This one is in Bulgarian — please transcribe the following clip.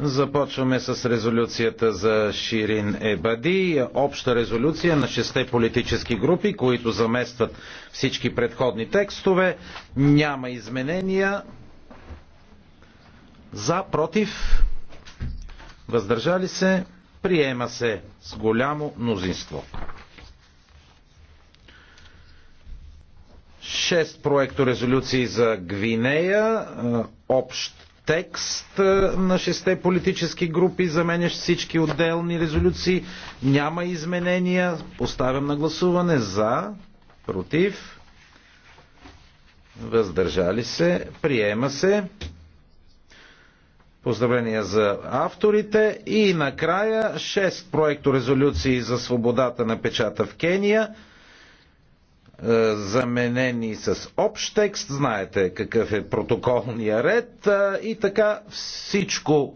Започваме с резолюцията за Ширин Ебади, обща резолюция на шесте политически групи, които заместват всички предходни текстове. Няма изменения. За, против, въздържали се, приема се с голямо мнозинство. Шест Проекто резолюции за Гвинея, общ текст е, на шесте политически групи, заменящ всички отделни резолюции. Няма изменения. Поставям на гласуване за, против, въздържали се, приема се. Поздравления за авторите. И накрая 6 резолюции за свободата на печата в Кения. Е, заменени с общ текст, знаете какъв е протоколния ред е, и така всичко